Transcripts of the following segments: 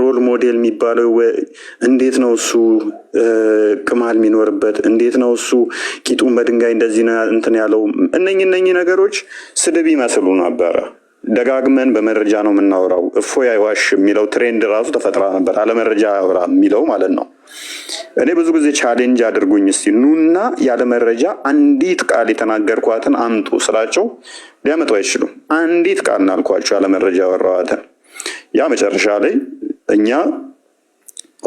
ሮል ሞዴል የሚባለው እንዴት ነው እሱ ቅማል የሚኖርበት? እንዴት ነው እሱ ቂጡን በድንጋይ እንደዚህ እንትን ያለው? እነኝ እነኚህ ነገሮች ስድብ ይመስሉ ነበረ። ደጋግመን በመረጃ ነው የምናወራው። እፎይ አይዋሽ የሚለው ትሬንድ ራሱ ተፈጥራ ነበር፣ አለመረጃ አውራ የሚለው ማለት ነው። እኔ ብዙ ጊዜ ቻሌንጅ አድርጉኝ እስቲ ኑና ያለመረጃ አንዲት ቃል የተናገርኳትን አምጡ ስላቸው ሊያመጡ አይችሉም። አንዲት ቃል እናልኳቸው ያለመረጃ መረጃ ያ መጨረሻ ላይ እኛ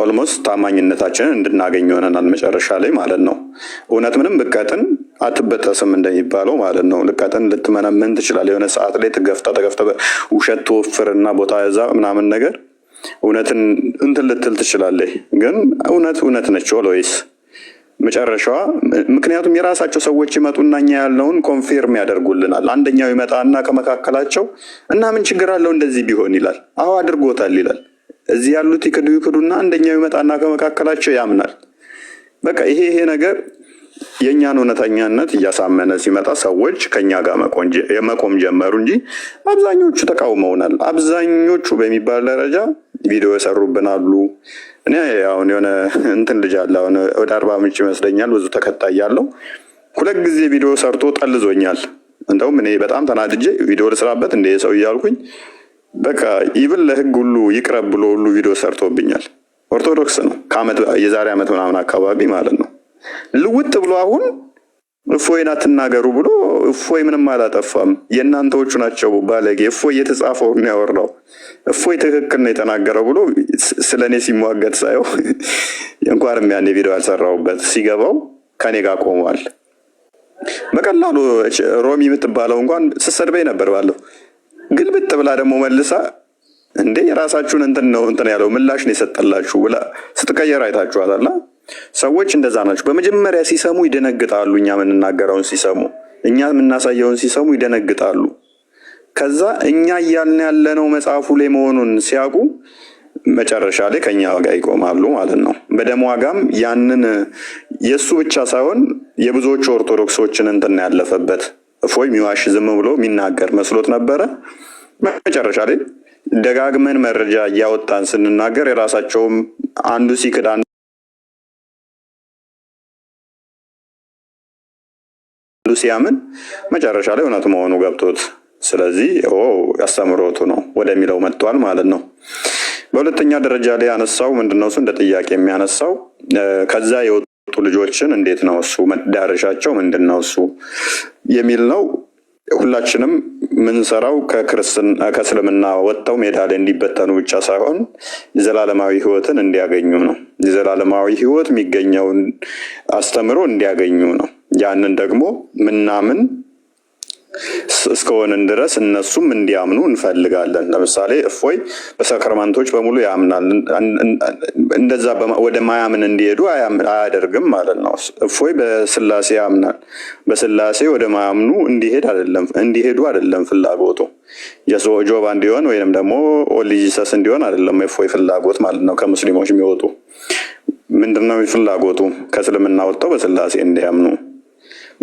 ኦልሞስት ታማኝነታችንን እንድናገኝ ይሆነናል መጨረሻ ላይ ማለት ነው። እውነት ምንም ብቀጥን አትበጠስም እንደሚባለው ማለት ነው። ልቀጥን ልትመነምን ትችላል። የሆነ ሰዓት ላይ ትገፍታ ተገፍተ ውሸት ትወፍርና ቦታ ያዛ ምናምን ነገር እውነትን እንትን ልትል ትችላለህ። ግን እውነት እውነት ነች ኦልዌይስ መጨረሻዋ። ምክንያቱም የራሳቸው ሰዎች ይመጡና እኛ ያለውን ኮንፌርም ያደርጉልናል። አንደኛው ይመጣና ከመካከላቸው እና ምን ችግር አለው እንደዚህ ቢሆን ይላል። አዎ አድርጎታል ይላል። እዚህ ያሉት ይክዱ ይክዱና አንደኛው ይመጣና ከመካከላቸው ያምናል። በቃ ይሄ ይሄ ነገር የእኛን እውነተኛነት እያሳመነ ሲመጣ ሰዎች ከኛ ጋር መቆም ጀመሩ እንጂ አብዛኞቹ ተቃውመውናል። አብዛኞቹ በሚባል ደረጃ ቪዲዮ የሰሩብን አሉ። እኔ አሁን የሆነ እንትን ልጅ አለ አሁን ወደ አርባ ምንጭ ይመስለኛል ብዙ ተከታይ ያለው ሁለት ጊዜ ቪዲዮ ሰርቶ ጠልዞኛል። እንደውም እኔ በጣም ተናድጄ ቪዲዮ ልስራበት እንደ ሰው እያልኩኝ በቃ ይብል ለህግ ሁሉ ይቅረብ ብሎ ሁሉ ቪዲዮ ሰርቶብኛል። ኦርቶዶክስ ነው የዛሬ ዓመት ምናምን አካባቢ ማለት ነው። ልውጥ ብሎ አሁን እፎይን አትናገሩ ብሎ እፎይ ምንም አላጠፋም፣ የእናንተዎቹ ናቸው ባለጌ። እፎይ የተጻፈውን ያወራው እፎይ ትክክል ነው የተናገረው ብሎ ስለ እኔ ሲሟገት ሳየው እንኳንም ያን ቪዲዮ ያልሰራውበት ሲገባው ከኔ ጋር ቆሟል። በቀላሉ ሮሚ የምትባለው እንኳን ስትሰድበኝ ነበር ባለው ግልብጥ ብላ ደግሞ መልሳ እንዴ የራሳችሁን እንትን ነው እንትን ያለው ምላሽ ነው የሰጠላችሁ ብላ ስትቀየር አይታችኋታላ። ሰዎች እንደዛ ናቸው። በመጀመሪያ ሲሰሙ ይደነግጣሉ። እኛ የምንናገረውን ሲሰሙ፣ እኛ የምናሳየውን ሲሰሙ ይደነግጣሉ። ከዛ እኛ እያልን ያለነው መጽሐፉ ላይ መሆኑን ሲያውቁ መጨረሻ ላይ ከኛ ጋር ይቆማሉ ማለት ነው። በደም ዋጋም ያንን የእሱ ብቻ ሳይሆን የብዙዎቹ ኦርቶዶክሶችን እንትን ያለፈበት እፎይ ሚዋሽ ዝም ብሎ የሚናገር መስሎት ነበረ። መጨረሻ ላይ ደጋግመን መረጃ እያወጣን ስንናገር የራሳቸውም አንዱ ሲክድ አንዱ ሲያምን መጨረሻ ላይ እውነት መሆኑ ገብቶት ስለዚህ አስተምሮቱ ነው ወደሚለው መጥቷል ማለት ነው። በሁለተኛ ደረጃ ላይ ያነሳው ምንድነው? እሱ እንደ ጥያቄ የሚያነሳው ከዛ የወጡ ልጆችን እንዴት ነው እሱ መዳረሻቸው ምንድን ነው እሱ የሚል ነው። ሁላችንም ምንሰራው ከእስልምና ወጥተው ሜዳ ላይ እንዲበተኑ ብቻ ሳይሆን የዘላለማዊ ህይወትን እንዲያገኙ ነው። የዘላለማዊ ህይወት የሚገኘውን አስተምሮ እንዲያገኙ ነው። ያንን ደግሞ ምናምን እስከሆንን ድረስ እነሱም እንዲያምኑ እንፈልጋለን። ለምሳሌ እፎይ በሰክርማንቶች በሙሉ ያምናል። እንደዛ ወደ ማያምን እንዲሄዱ አያደርግም ማለት ነው። እፎይ በስላሴ ያምናል። በስላሴ ወደ ማያምኑ እንዲሄዱ አይደለም ፍላጎቱ ጆባ እንዲሆን ወይም ደግሞ ኦሊጂሰስ እንዲሆን አይደለም የእፎይ ፍላጎት ማለት ነው። ከሙስሊሞች የሚወጡ ምንድነው ፍላጎቱ? ከእስልምና ወጥተው በስላሴ እንዲያምኑ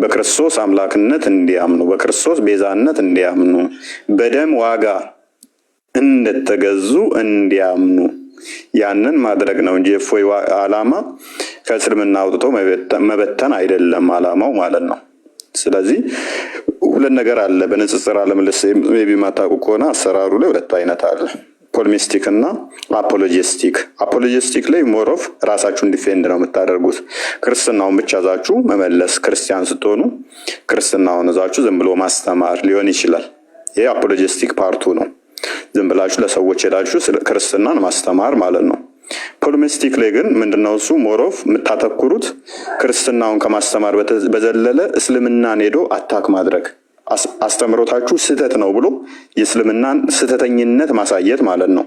በክርስቶስ አምላክነት እንዲያምኑ፣ በክርስቶስ ቤዛነት እንዲያምኑ፣ በደም ዋጋ እንደተገዙ እንዲያምኑ ያንን ማድረግ ነው እንጂ እፎይ ዓላማ ከእስልምና አውጥቶ መበተን አይደለም ዓላማው ማለት ነው። ስለዚህ ሁለት ነገር አለ። በንጽጽር አለምልስ ቢ ማታውቁ ከሆነ አሰራሩ ላይ ሁለቱ አይነት አለ። ሪፎርሚስቲክ እና አፖሎጂስቲክ። አፖሎጂስቲክ ላይ ሞሮፍ ራሳችሁን ዲፌንድ ነው የምታደርጉት። ክርስትናውን ብቻ እዛችሁ መመለስ፣ ክርስቲያን ስትሆኑ ክርስትናውን እዛችሁ ዝም ብሎ ማስተማር ሊሆን ይችላል። ይህ አፖሎጂስቲክ ፓርቱ ነው። ዝም ብላችሁ ለሰዎች ሄዳችሁ ክርስትናን ማስተማር ማለት ነው። ፖሎሚስቲክ ላይ ግን ምንድነው እሱ ሞሮፍ የምታተኩሩት ክርስትናውን ከማስተማር በዘለለ እስልምናን ሄዶ አታክ ማድረግ አስተምሮታችሁ ስህተት ነው ብሎ የእስልምናን ስህተተኝነት ማሳየት ማለት ነው።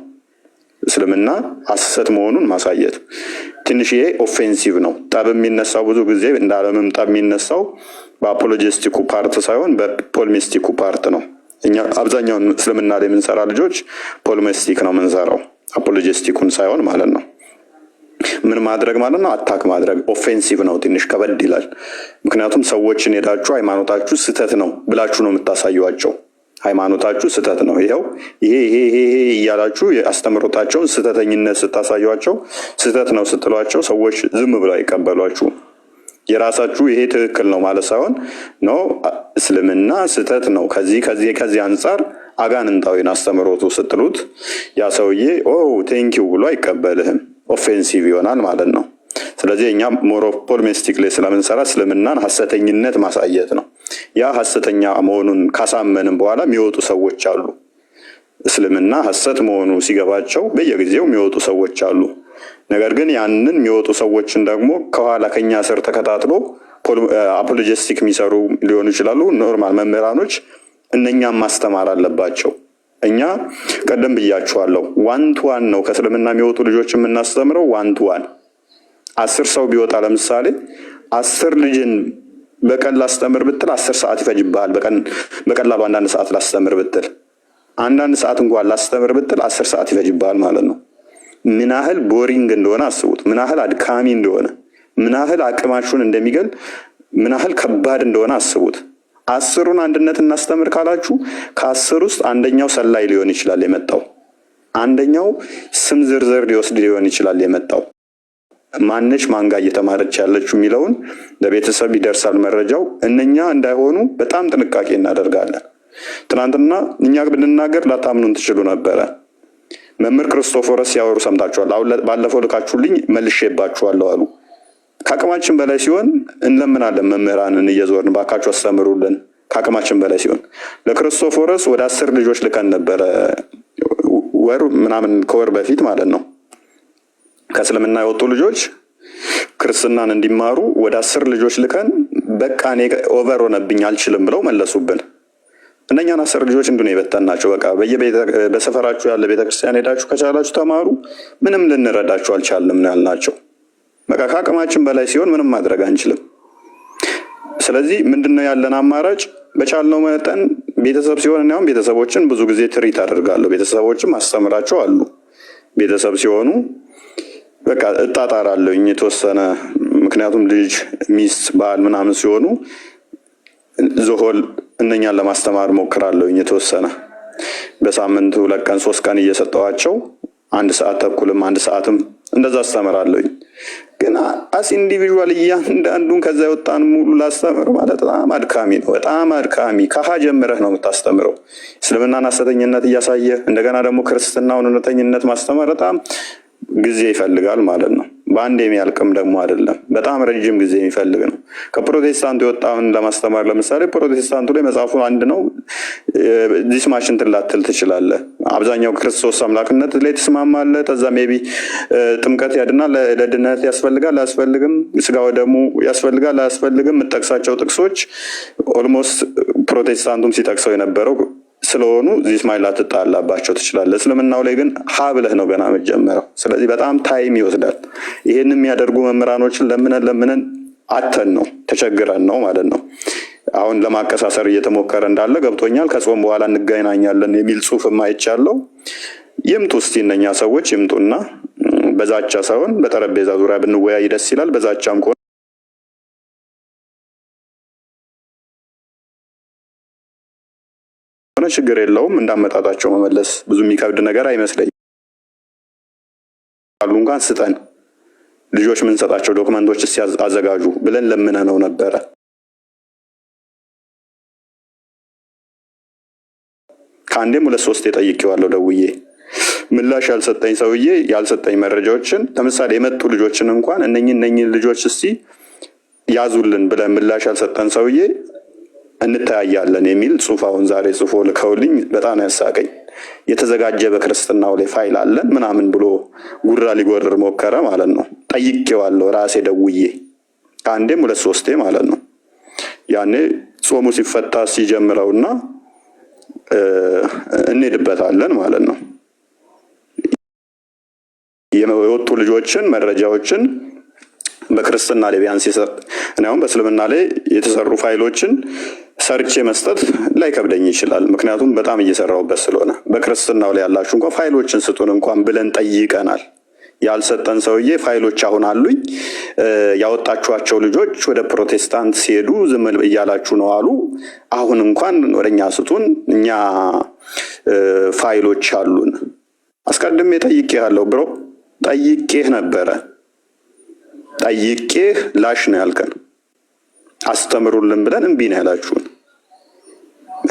እስልምና አስሰት መሆኑን ማሳየት ትንሽ ይሄ ኦፌንሲቭ ነው። ጠብ የሚነሳው ብዙ ጊዜ እንደ ዓለምም ጠብ የሚነሳው በአፖሎጂስቲኩ ፓርት ሳይሆን በፖልሚስቲኩ ፓርት ነው። እኛ አብዛኛውን እስልምና ላይ የምንሰራ ልጆች ፖልሚስቲክ ነው የምንሰራው፣ አፖሎጂስቲኩን ሳይሆን ማለት ነው። ምን ማድረግ ማለት ነው? አታክ ማድረግ ኦፌንሲቭ ነው፣ ትንሽ ከበድ ይላል። ምክንያቱም ሰዎችን ሄዳችሁ ሃይማኖታችሁ ስህተት ነው ብላችሁ ነው የምታሳዩቸው። ሃይማኖታችሁ ስህተት ነው፣ ይኸው ይሄ ይሄ ይሄ እያላችሁ አስተምሮታቸውን ስህተተኝነት ስታሳዩቸው፣ ስህተት ነው ስትሏቸው ሰዎች ዝም ብለው አይቀበሏችሁ። የራሳችሁ ይሄ ትክክል ነው ማለት ሳይሆን ኖ እስልምና ስህተት ነው ከዚህ ከዚህ ከዚህ አንጻር አጋንንታዊን አስተምሮቱ ስትሉት ያ ሰውዬ ኦ ቴንኪው ብሎ አይቀበልህም። ኦፌንሲቭ ይሆናል ማለት ነው። ስለዚህ እኛ ሞኖፖል ሚስቲክ ላይ ስለምንሰራ እስልምናን ሀሰተኝነት ማሳየት ነው። ያ ሀሰተኛ መሆኑን ካሳመንም በኋላ የሚወጡ ሰዎች አሉ። እስልምና ሀሰት መሆኑ ሲገባቸው በየጊዜው የሚወጡ ሰዎች አሉ። ነገር ግን ያንን የሚወጡ ሰዎችን ደግሞ ከኋላ ከኛ ስር ተከታትሎ አፖሎጂስቲክ የሚሰሩ ሊሆኑ ይችላሉ። ኖርማል መምህራኖች እነኛም ማስተማር አለባቸው። እኛ ቀደም ብያችኋለሁ፣ ዋን ቱ ዋን ነው ከእስልምና የሚወጡ ልጆች የምናስተምረው ዋን ቱ ዋን። አስር ሰው ቢወጣ ለምሳሌ አስር ልጅን በቀን ላስተምር ብትል አስር ሰዓት ይፈጅብሃል። በቀላሉ አንዳንድ ሰዓት ላስተምር ብትል አንዳንድ ሰዓት እንኳን ላስተምር ብትል አስር ሰዓት ይፈጅብሃል ማለት ነው። ምን ያህል ቦሪንግ እንደሆነ አስቡት። ምን ያህል አድካሚ እንደሆነ፣ ምን ያህል አቅማችሁን እንደሚገል፣ ምን ያህል ከባድ እንደሆነ አስቡት። አስሩን አንድነት እናስተምር ካላችሁ ከአስር ውስጥ አንደኛው ሰላይ ሊሆን ይችላል የመጣው አንደኛው ስም ዝርዝር ሊወስድ ሊሆን ይችላል የመጣው ማነች ማንጋ እየተማረች ያለችው የሚለውን ለቤተሰብ ይደርሳል መረጃው። እነኛ እንዳይሆኑ በጣም ጥንቃቄ እናደርጋለን። ትናንትና እኛ ብንናገር ላታምኑን ትችሉ ነበረ። መምህር ክርስቶፎረስ ሲያወሩ ሰምታችኋል። አሁን ባለፈው ልካችሁልኝ መልሼባችኋለሁ አሉ። ከአቅማችን በላይ ሲሆን እንለምናለን መምህራንን እየዞርን ባካችሁ አስተምሩልን። ከአቅማችን በላይ ሲሆን ለክርስቶፎረስ ወደ አስር ልጆች ልከን ነበረ ወር ምናምን ከወር በፊት ማለት ነው። ከእስልምና የወጡ ልጆች ክርስትናን እንዲማሩ ወደ አስር ልጆች ልከን በቃ እኔ ኦቨር ሆነብኝ አልችልም ብለው መለሱብን። እነኛን አስር ልጆች እንዲሁ ነው በቃ በሰፈራችሁ ያለ ቤተክርስቲያን ሄዳችሁ ከቻላችሁ ተማሩ፣ ምንም ልንረዳችሁ አልቻልንም ነው ያልናቸው። በቃ ከአቅማችን በላይ ሲሆን ምንም ማድረግ አንችልም። ስለዚህ ምንድነው ያለን አማራጭ? በቻልነው መጠን ቤተሰብ ሲሆን እኒያውም ቤተሰቦችን ብዙ ጊዜ ትሪት አደርጋለሁ። ቤተሰቦችም አስተምራቸው አሉ። ቤተሰብ ሲሆኑ በቃ እጣጣራለሁኝ የተወሰነ ምክንያቱም ልጅ፣ ሚስት፣ ባል ምናምን ሲሆኑ ዞሆል እነኛን ለማስተማር ሞክራለሁ የተወሰነ በሳምንት ሁለት ቀን ሶስት ቀን እየሰጠዋቸው አንድ ሰዓት ተኩልም አንድ ሰዓትም እንደዛ አስተምራለሁኝ። ግን አስ ኢንዲቪዥዋል እያንዳንዱን ከዛ የወጣን ሙሉ ላስተምር ማለት በጣም አድካሚ ነው። በጣም አድካሚ ከሀ ጀምረህ ነው የምታስተምረው። እስልምናን ሐሰተኝነት እያሳየ እንደገና ደግሞ ክርስትናውን እውነተኝነት ማስተማር በጣም ጊዜ ይፈልጋል ማለት ነው። በአንድ የሚያልቅም ደግሞ አይደለም። በጣም ረጅም ጊዜ የሚፈልግ ነው። ከፕሮቴስታንቱ የወጣውን ለማስተማር ለምሳሌ ፕሮቴስታንቱ ላይ መጽሐፉ አንድ ነው። ዲስ ማሽን ትላትል ትችላለ። አብዛኛው ክርስቶስ አምላክነት ላይ ትስማማለ። ተዛ ቢ ጥምቀት ያድና ለድነት ያስፈልጋል አያስፈልግም፣ ስጋ ወደሙ ያስፈልጋል አያስፈልግም፣ የምጠቅሳቸው ጥቅሶች ኦልሞስት ፕሮቴስታንቱም ሲጠቅሰው የነበረው ስለሆኑ እስማኤል ላትጣላባቸው ትችላለህ። እስልምናው ላይ ግን ሀ ብለህ ነው ገና መጀመረው። ስለዚህ በጣም ታይም ይወስዳል። ይህን የሚያደርጉ መምህራኖችን ለምነን ለምነን አተን ነው ተቸግረን ነው ማለት ነው። አሁን ለማቀሳሰር እየተሞከረ እንዳለ ገብቶኛል። ከጾም በኋላ እንገናኛለን የሚል ጽሁፍ ማይቻለው ይምጡ እስቲ እነኛ ሰዎች ይምጡና በዛቻ ሳይሆን በጠረጴዛ ዙሪያ ብንወያይ ደስ ይላል። በዛቻም ከሆነ ችግር የለውም። እንዳመጣጣቸው መመለስ ብዙ የሚከብድ ነገር አይመስለኝም። አሉ እንኳን ስጠን ልጆች የምንሰጣቸው ዶክመንቶች አዘጋጁ ብለን ለምነ ነው ነበረ። ከአንዴም ሁለት ሶስት የጠይቄዋለሁ ደውዬ ምላሽ ያልሰጠኝ ሰውዬ ያልሰጠኝ መረጃዎችን ለምሳሌ የመጡ ልጆችን እንኳን እነኝን እነኝን ልጆች እስቲ ያዙልን ብለን ምላሽ ያልሰጠን ሰውዬ እንተያያለን የሚል ጽሁፍ አሁን ዛሬ ጽፎ ልከውልኝ በጣም ያሳቀኝ። የተዘጋጀ በክርስትናው ላይ ፋይል አለን ምናምን ብሎ ጉራ ሊጎርር ሞከረ ማለት ነው። ጠይቄዋለሁ ራሴ ደውዬ ከአንዴም ሁለት ሶስቴ ማለት ነው። ያኔ ጾሙ ሲፈታ ሲጀምረውና እንሄድበታለን ማለት ነው። የወጡ ልጆችን መረጃዎችን በክርስትና ላይ ቢያንስ እንዲሁም በእስልምና ላይ የተሰሩ ፋይሎችን ሰርቼ መስጠት ላይከብደኝ ይችላል። ምክንያቱም በጣም እየሰራሁበት ስለሆነ። በክርስትናው ላይ ያላችሁ እንኳ ፋይሎችን ስጡን እንኳን ብለን ጠይቀናል። ያልሰጠን ሰውዬ ፋይሎች አሁን አሉኝ ያወጣችኋቸው ልጆች ወደ ፕሮቴስታንት ሲሄዱ ዝም እያላችሁ ነው አሉ። አሁን እንኳን ወደ እኛ ስጡን፣ እኛ ፋይሎች አሉን። አስቀድሜ ጠይቄ ያለው ብሮ ጠይቄህ ነበረ ጠይቄህ ላሽ ነው ያልከን። አስተምሩልን ብለን እምቢ ነው ያላችሁን።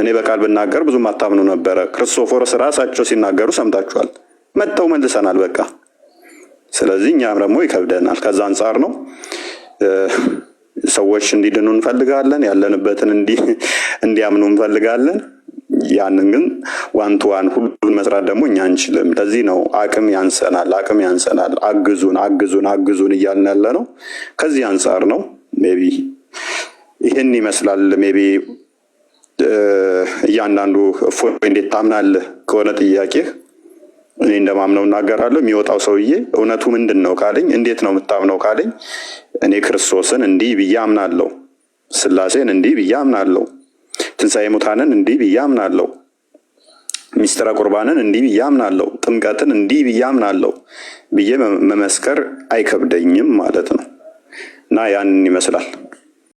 እኔ በቃል ብናገር ብዙም አታምኑ ነበረ። ክርስቶፎርስ ራሳቸው ሲናገሩ ሰምታችኋል። መጥተው መልሰናል በቃ። ስለዚህ እኛም ደግሞ ይከብደናል። ከዛ አንጻር ነው ሰዎች እንዲድኑ እንፈልጋለን። ያለንበትን እንዲያምኑ እንፈልጋለን። ያንን ግን ዋን ቱ ዋን ሁሉን መስራት ደግሞ እኛ አንችልም። ለዚህ ነው አቅም ያንሰናል፣ አቅም ያንሰናል፣ አግዙን፣ አግዙን፣ አግዙን እያልን ያለ ነው። ከዚህ አንጻር ነው ሜይ ቢ ይህን ይመስላል። ሜይ ቢ እያንዳንዱ እፎይ እንዴት ታምናለህ ከሆነ ጥያቄ እኔ እንደማምነው እናገራለሁ። የሚወጣው ሰውዬ እውነቱ ምንድን ነው ካለኝ፣ እንዴት ነው የምታምነው ካለኝ፣ እኔ ክርስቶስን እንዲህ ብዬ አምናለሁ፣ ስላሴን እንዲህ ብዬ አምናለሁ ትንሣኤ ሙታንን እንዲህ ብዬ አምናለሁ። ሚስጥረ ቁርባንን እንዲህ ብዬ አምናለሁ። ጥምቀትን እንዲህ ብዬ አምናለሁ ብዬ መመስከር አይከብደኝም ማለት ነው እና ያንን ይመስላል።